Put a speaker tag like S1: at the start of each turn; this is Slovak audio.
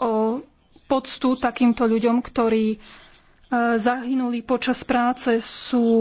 S1: o poctu takýmto ľuďom, ktorí e, zahynuli počas práce, sú